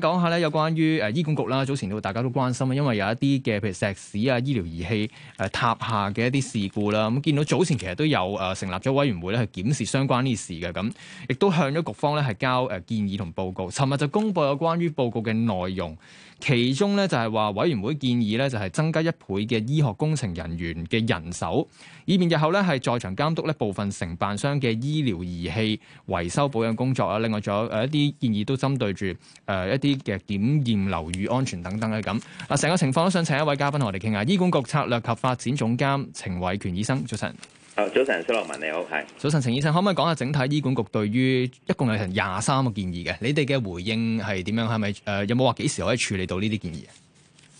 講下咧有關於誒醫管局啦，早前都大家都關心啊，因為有一啲嘅，譬如石屎啊、醫療儀器誒塌下嘅一啲事故啦，咁見到早前其實都有誒成立咗委員會咧去檢視相關呢件事嘅，咁亦都向咗局方咧係交誒建議同報告。尋日就公布有關於報告嘅內容。其中咧就係話，委員會建議咧就係增加一倍嘅醫學工程人員嘅人手，以便日後咧係在場監督咧部分承辦商嘅醫療儀器維修保養工作啦。另外仲有誒一啲建議，都針對住誒一啲嘅檢驗樓宇安全等等嘅咁。嗱，成個情況都想請一位嘉賓同我哋傾下。醫管局策略及發展總監程偉權醫生，早晨。好，早晨，蘇洛文你好，係早晨，程醫生，可唔可以講下整體醫管局對於一共有成廿三個建議嘅，你哋嘅回應係點樣？係咪誒，有冇話幾時可以處理到呢啲建議？誒、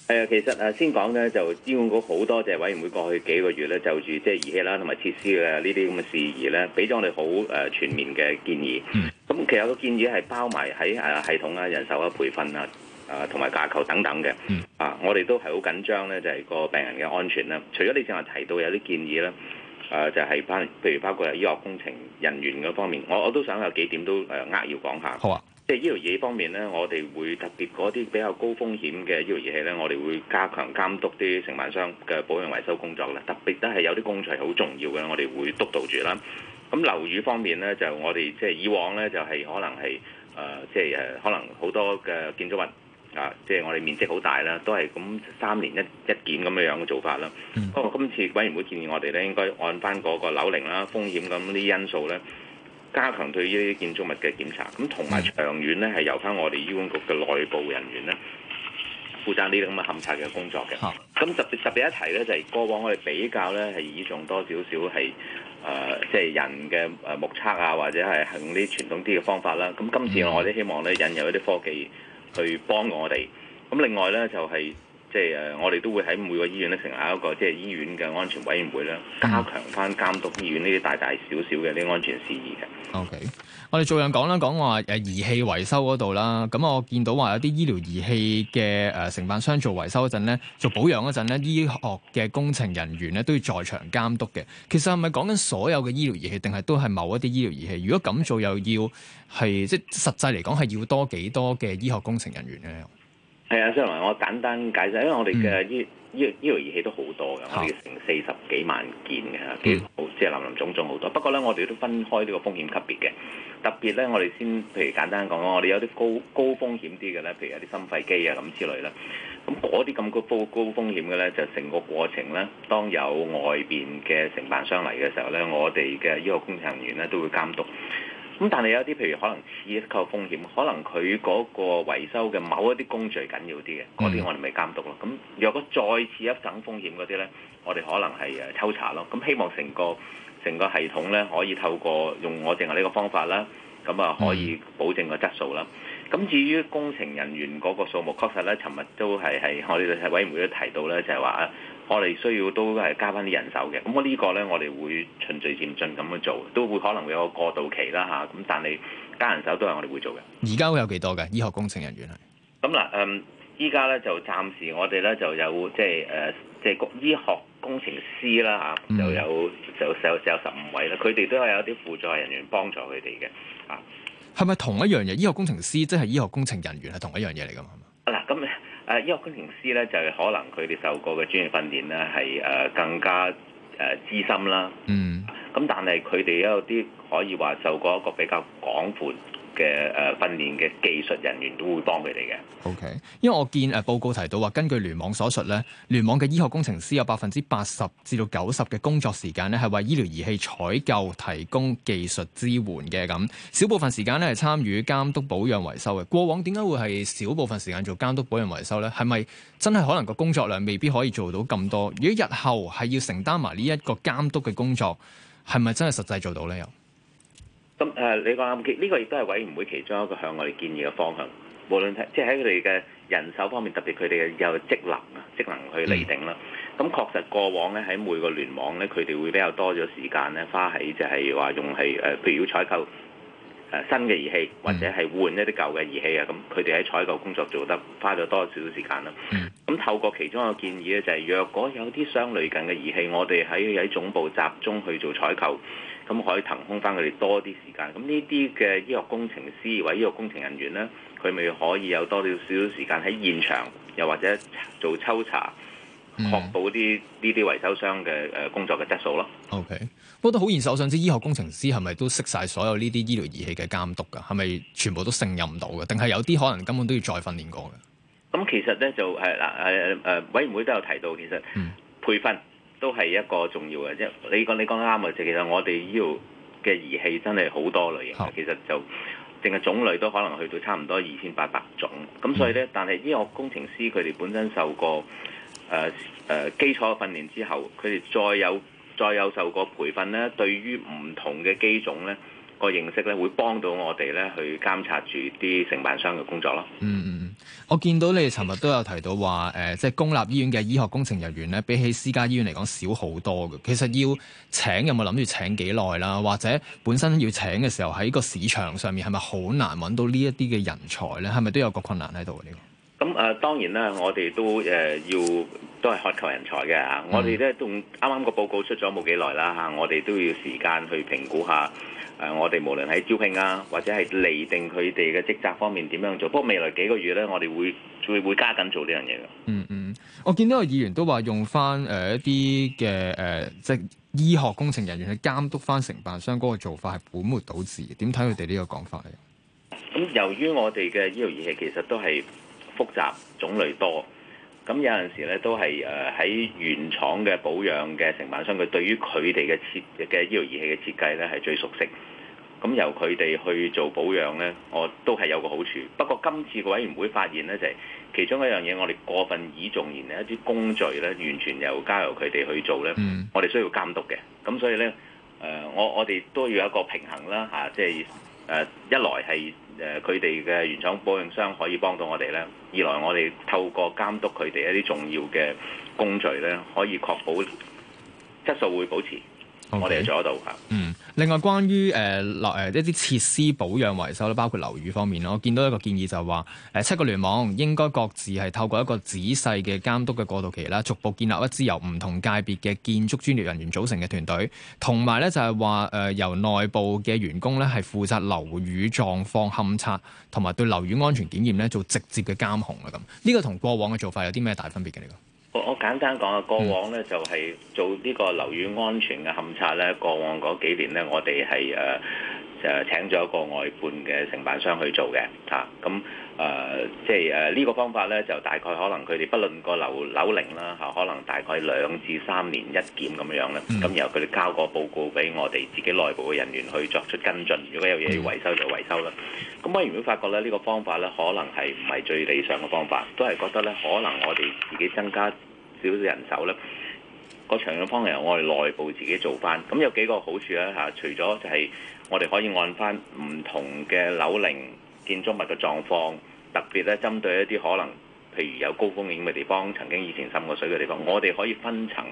呃，其實誒，先講咧，就醫管局好多謝委員會過去幾個月咧，就住即係儀器啦，同埋設施嘅呢啲咁嘅事宜咧，俾咗我哋好誒全面嘅建議。咁、嗯、其實個建議係包埋喺誒系統啊、人手啊、培訓啊、誒同埋架構等等嘅。嗯、啊，我哋都係好緊張咧，就係個病人嘅安全啦。除咗你正話提到有啲建議咧。誒就係包，譬如包括係醫學工程人員嗰方面，我我都想有幾點都誒呃，呃要講下。好啊，即係醫療儀器方面咧，我哋會特別嗰啲比較高風險嘅醫療儀器咧，我哋會加強監督啲承辦商嘅保養維修工作咧。特別都係有啲工序好重要嘅，我哋會督導住啦。咁樓宇方面咧，就我哋即係以往咧，就係、是、可能係誒即係誒，呃就是、可能好多嘅建築物。啊，即係我哋面積好大啦，都係咁三年一一檢咁樣樣嘅做法啦。不過、嗯、今次委員會建議我哋咧，應該按翻嗰個樓齡啦、風險咁啲因素咧，加強對於建築物嘅檢查。咁、嗯、同埋長遠咧，係由翻我哋醫管局嘅內部人員咧，負責呢啲咁嘅勘察嘅工作嘅。咁特別特別一提咧，就係、是、過往我哋比較咧係倚重多少少係誒即係人嘅誒目測啊，或者係行啲傳統啲嘅方法啦。咁今次我哋希望咧引入一啲科技。嗯嗯，去幫我哋，咁另外咧就係、是。即係誒，我哋都會喺每個醫院咧成立一個即係醫院嘅安全委員會咧，加強翻監督醫院呢啲大大小小嘅呢安全事宜嘅。OK，我哋做樣講啦，講話誒儀器維修嗰度啦，咁我見到話有啲醫療儀器嘅誒、呃、承辦商做維修嗰陣咧，做保養嗰陣咧，醫學嘅工程人員咧都要在場監督嘅。其實係咪講緊所有嘅醫療儀器，定係都係某一啲醫療儀器？如果咁做又要係即係實際嚟講，係要多幾多嘅醫學工程人員咧？係啊，張宏，所以我簡單解釋，因為我哋嘅醫醫醫療儀器都好多嘅，啊、我哋成四十幾萬件嘅，幾好、嗯，即係林林總總好多。不過咧，我哋都分開呢個風險級別嘅，特別咧，我哋先譬如簡單講我哋有啲高高風險啲嘅咧，譬如有啲心肺機啊咁之類啦，咁嗰啲咁高高高風險嘅咧，就成個過程咧，當有外邊嘅承辦商嚟嘅時候咧，我哋嘅醫學工程人員咧都會監督。咁但係有啲，譬如可能次一級風險，可能佢嗰個維修嘅某一啲工序緊要啲嘅，嗰啲我哋咪監督咯。咁若果再次一等風險嗰啲呢，我哋可能係誒抽查咯。咁希望成個成個系統呢，可以透過用我哋嘅呢個方法啦，咁啊可以保證個質素啦。咁至於工程人員嗰個數目，確實呢，尋日都係係我哋委員會都提到呢，就係話啊。我哋需要都係加翻啲人手嘅，咁我呢個咧，我哋會循序漸進咁樣做，都會可能會有個過渡期啦嚇，咁但係加人手都係我哋會做嘅。而家會有幾多嘅醫學工程人員啊？咁嗱，嗯，依家咧就暫時我哋咧就有即係誒，即係醫學工程師啦嚇，就有就就就有十五位啦，佢哋都係有啲輔助人員幫助佢哋嘅。啊，係咪同一樣嘢？醫學工程師即係醫學工程人員係同一樣嘢嚟㗎嘛？係嘛？嗱，咁咧，嗯誒，uh, 呢個工程師咧，就係、是、可能佢哋受過嘅專業訓練咧，係誒、呃、更加誒資、呃、深啦。嗯，咁但係佢哋有啲可以話受過一個比較廣闊。嘅誒訓練嘅技術人員都會幫佢哋嘅。OK，因為我見誒報告提到話，根據聯網所述咧，聯網嘅醫學工程師有百分之八十至到九十嘅工作時間咧，係為醫療儀器採購提供技術支援嘅。咁少部分時間咧係參與監督保養維修嘅。過往點解會係少部分時間做監督保養維修咧？係咪真係可能個工作量未必可以做到咁多？如果日後係要承擔埋呢一個監督嘅工作，係咪真係實際做到咧？又？咁誒、嗯，你講啱呢個亦都係委員會其中一個向我哋建議嘅方向。無論即係喺佢哋嘅人手方面，特別佢哋嘅有職能啊，職能去釐定啦。咁、嗯嗯、確實過往咧，喺每個聯網咧，佢哋會比較多咗時間咧，花喺就係、是、話用係誒，譬、呃、如要採購。新嘅儀器或者係換一啲舊嘅儀器啊，咁佢哋喺採購工作做得花咗多少少時間啦。咁、嗯、透過其中一個嘅建議咧、就係，就係若果有啲相類近嘅儀器，我哋喺喺總部集中去做採購，咁可以騰空翻佢哋多啲時間。咁呢啲嘅醫學工程師或者醫學工程人員咧，佢咪可以有多少少時間喺現場，又或者做抽查，確保啲呢啲維修商嘅誒工作嘅質素咯。OK。我覺得好現實，我想知醫學工程師係咪都識晒所有呢啲醫療儀器嘅監督㗎？係咪全部都勝任唔到嘅？定係有啲可能根本都要再訓練過嘅？咁、嗯嗯、其實咧就係嗱誒誒委員會都有提到，其實培訓都係一個重要嘅，即、就是、你講你講得啱嘅。即其實我哋醫療嘅儀器真係好多類型，嗯、其實就淨係種類都可能去到差唔多二千八百種。咁所以咧，嗯、但係醫學工程師佢哋本身受過誒誒、呃呃、基礎嘅訓練之後，佢哋再有。再有受過培訓咧，對於唔同嘅機種咧個認識咧，會幫到我哋咧去監察住啲承辦商嘅工作咯。嗯嗯嗯，我見到你哋尋日都有提到話，誒、呃，即係公立醫院嘅醫學工程人員咧，比起私家醫院嚟講少好多嘅。其實要請有冇諗住請幾耐啦？或者本身要請嘅時候喺個市場上面係咪好難揾到呢一啲嘅人才咧？係咪都有個困難喺度？呢個咁誒，當然啦，我哋都誒、呃、要。都係渴求人才嘅嚇，嗯、我哋咧仲啱啱個報告出咗冇幾耐啦嚇，我哋都要時間去評估下誒、啊，我哋無論喺招聘啊或者係釐定佢哋嘅職責方面點樣做，不過未來幾個月咧，我哋會會會加緊做呢樣嘢嘅。嗯嗯，我見到個議員都話用翻誒一啲嘅誒，即、呃、係、就是、醫學工程人員去監督翻承辦商嗰個做法係本末倒置嘅，點睇佢哋呢個講法咧？咁、嗯、由於我哋嘅醫療儀器其實都係複雜、種類多。咁有陣時咧，都係誒喺原廠嘅保養嘅承辦商，佢對於佢哋嘅設嘅醫療儀器嘅設計咧係最熟悉。咁、嗯、由佢哋去做保養咧，我都係有個好處。不過今次嘅委員會發現咧，就係、是、其中一樣嘢，我哋過分倚重而嘅一啲工序咧，完全由交由佢哋去做咧，我哋需要監督嘅。咁所以咧，誒、呃、我我哋都要有一個平衡啦嚇、啊，即係。誒、uh, 一來係誒佢哋嘅原廠保養商可以幫到我哋咧，二來我哋透過監督佢哋一啲重要嘅工序咧，可以確保質素會保持，Okay. 我哋係做得到嚇。嗯。另外，關於誒樓一啲設施保養維修咧，包括樓宇方面咯，我見到一個建議就係話誒七個聯網應該各自係透過一個仔細嘅監督嘅過渡期啦，逐步建立一支由唔同界別嘅建築專業人員組成嘅團隊，同埋咧就係話誒由內部嘅員工咧係負責樓宇狀況勘測同埋對樓宇安全檢驗咧做直接嘅監控啊咁，呢個同過往嘅做法有啲咩大分別嘅呢個？我我簡單講啊，過往咧就係、是、做呢個樓宇安全嘅勘察咧，過往嗰幾年咧，我哋係誒。呃誒請咗一個外判嘅承辦商去做嘅，嚇咁誒，即係誒呢個方法呢，就大概可能佢哋不論個樓樓齡啦，嚇、啊，可能大概兩至三年一檢咁樣啦，咁、啊、然後佢哋交個報告俾我哋自己內部嘅人員去作出跟進，如果有嘢要維修就維修啦。咁我原本發覺呢，呢、呢個方法呢，可能係唔係最理想嘅方法，都係覺得呢，可能我哋自己增加少少少人手呢。長嘅方案我哋內部自己做翻，咁有幾個好處咧、啊、嚇、啊，除咗就係我哋可以按翻唔同嘅樓齡建築物嘅狀況，特別咧針對一啲可能，譬如有高風險嘅地方，曾經以前浸過水嘅地方，我哋可以分層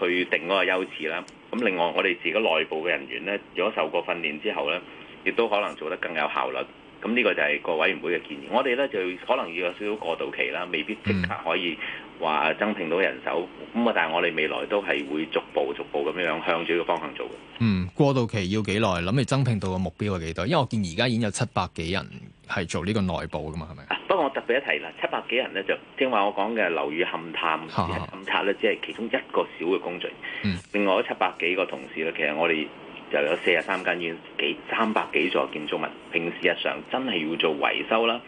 去定嗰個優次啦。咁另外我哋自己內部嘅人員咧，如果受過訓練之後咧，亦都可能做得更有效率。咁呢個就係個委員會嘅建議。我哋咧就可能要有少少過渡期啦，未必即刻可以。話增聘到人手咁啊。但係我哋未來都係會逐步逐步咁樣向住呢個方向做嘅。嗯，過渡期要幾耐？諗住增聘到嘅目標係幾多？因為我見而家已經有七百幾人係做呢個內部噶嘛，係咪？啊，不過我特別一提啦，七百幾人咧就正話我講嘅樓宇勘探、勘察咧只係其中一個小嘅工序。嗯、啊啊。另外，七百幾個同事咧，其實我哋就有四十三間醫院，幾三百幾座建築物，平時日常真係要做維修啦。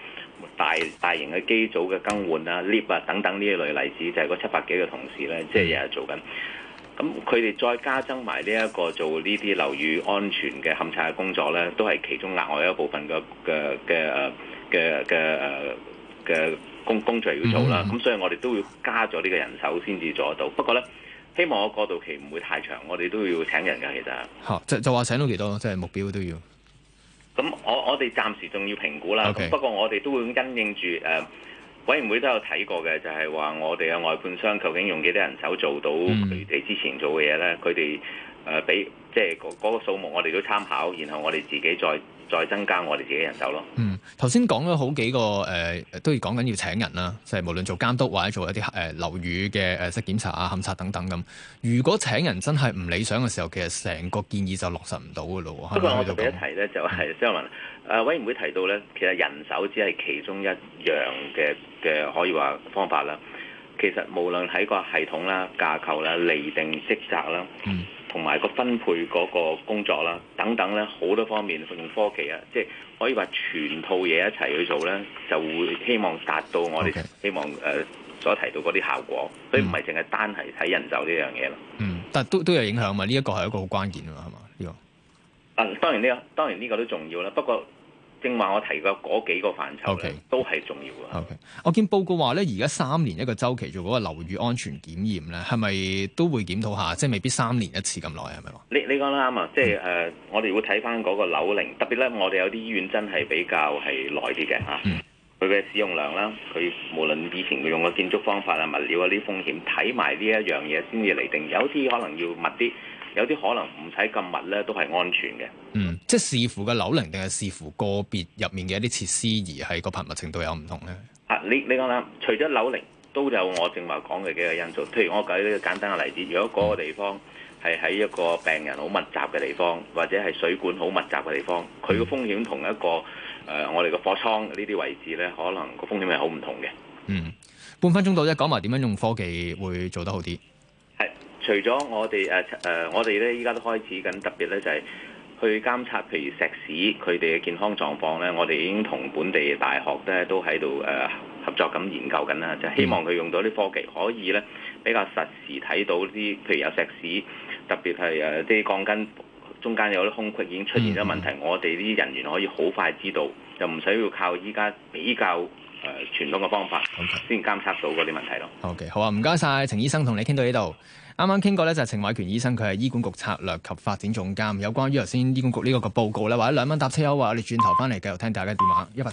大大型嘅機組嘅更換啊、lift 啊等等呢一類例子，就係嗰七百幾個同事咧，即係日日做緊。咁佢哋再加增埋呢一個做呢啲樓宇安全嘅勘察嘅工作咧，都係其中額外一部分嘅嘅嘅嘅嘅嘅工工作要做啦。咁、嗯、所以我哋都要加咗呢個人手先至做得到。不過咧，希望個過渡期唔會太長，我哋都要請人㗎，其實。嚇、啊！就就話請到幾多，即、就、係、是、目標都要。咁我我哋暫時仲要評估啦。Okay. 不過我哋都會因應住誒、呃，委員會都有睇過嘅，就係話我哋嘅外判商究竟用幾多人手做到佢哋之前做嘅嘢呢？佢哋誒俾即係嗰嗰個數目，我哋都參考，然後我哋自己再再增加我哋自己人手咯。嗯，頭先講咗好幾個誒、呃，都要講緊要請人啦，即係無論做監督或者做一啲誒、呃、樓宇嘅誒識檢查啊、勘測等等咁。如果請人真係唔理想嘅時候，其實成個建議就落實唔到嘅咯。嗯、是不過我哋一提咧，就係即係話誒委員會提到咧，其實人手只係其中一樣嘅嘅可以話方法啦。其實無論喺個系統啦、架構啦、釐定職責啦，嗯。同埋個分配嗰個工作啦，等等咧好多方面用科技啊，即係可以話全套嘢一齊去做咧，就會希望達到我哋希望誒所提到嗰啲效果，Okay. 所以唔係淨係單係睇人手呢樣嘢咯。嗯，但都都有影響嘛？呢一個係一個好關鍵㗎嘛？係嘛？呢個啊，當然呢個當然呢個都重要啦，不過，正話我提過嗰幾個範疇咧，Okay. 都係重要嘅。Okay. 我見報告話咧，而家三年一個周期做嗰個樓宇安全檢驗咧，係咪都會檢討下？即係未必三年一次咁耐，係咪？你呢、嗯 uh，講得啱啊！即係誒，我哋會睇翻嗰個樓齡，特別咧，我哋有啲醫院真係比較係耐啲嘅嚇。佢嘅、嗯、使用量啦，佢無論以前佢用嘅建築方法啊、物料啊呢，風險，睇埋呢一樣嘢先至嚟定。有啲可能要密啲。有啲可能唔使咁密咧，都係安全嘅。嗯，即係視乎個樓齡定係視乎個別入面嘅一啲設施而係個頻密程度有唔同咧。啊，你你講啦，除咗樓齡，都有我正話講嘅幾個因素。譬如我舉一個簡單嘅例子，如果嗰個地方係喺一個病人好密集嘅地方，或者係水管好密集嘅地方，佢個、呃、個風險同一個誒我哋個貨倉呢啲位置咧，可能個風險係好唔同嘅。嗯，半分鐘到啫，講埋點樣用科技會做得好啲。除咗我哋誒誒，我哋咧依家都開始緊，特別咧就係、是、去監測，譬如石屎佢哋嘅健康狀況咧，我哋已經同本地大學咧都喺度誒合作咁研究緊啦，就是、希望佢用到啲科技，可以咧比較實時睇到啲譬如有石屎，特別係誒啲鋼筋中間有啲空隙已經出現咗問題，嗯嗯嗯我哋啲人員可以好快知道，就唔使要靠依家比較誒傳統嘅方法先監測到嗰啲問題咯。OK，好啊，唔該晒。程醫生同你傾到呢度。啱啱傾過咧，就係程偉權醫生，佢係醫管局策略及發展總監，有關於頭先醫管局呢個個報告咧，或者兩蚊搭車優惠，我哋轉頭翻嚟繼續聽大家電話。一八七。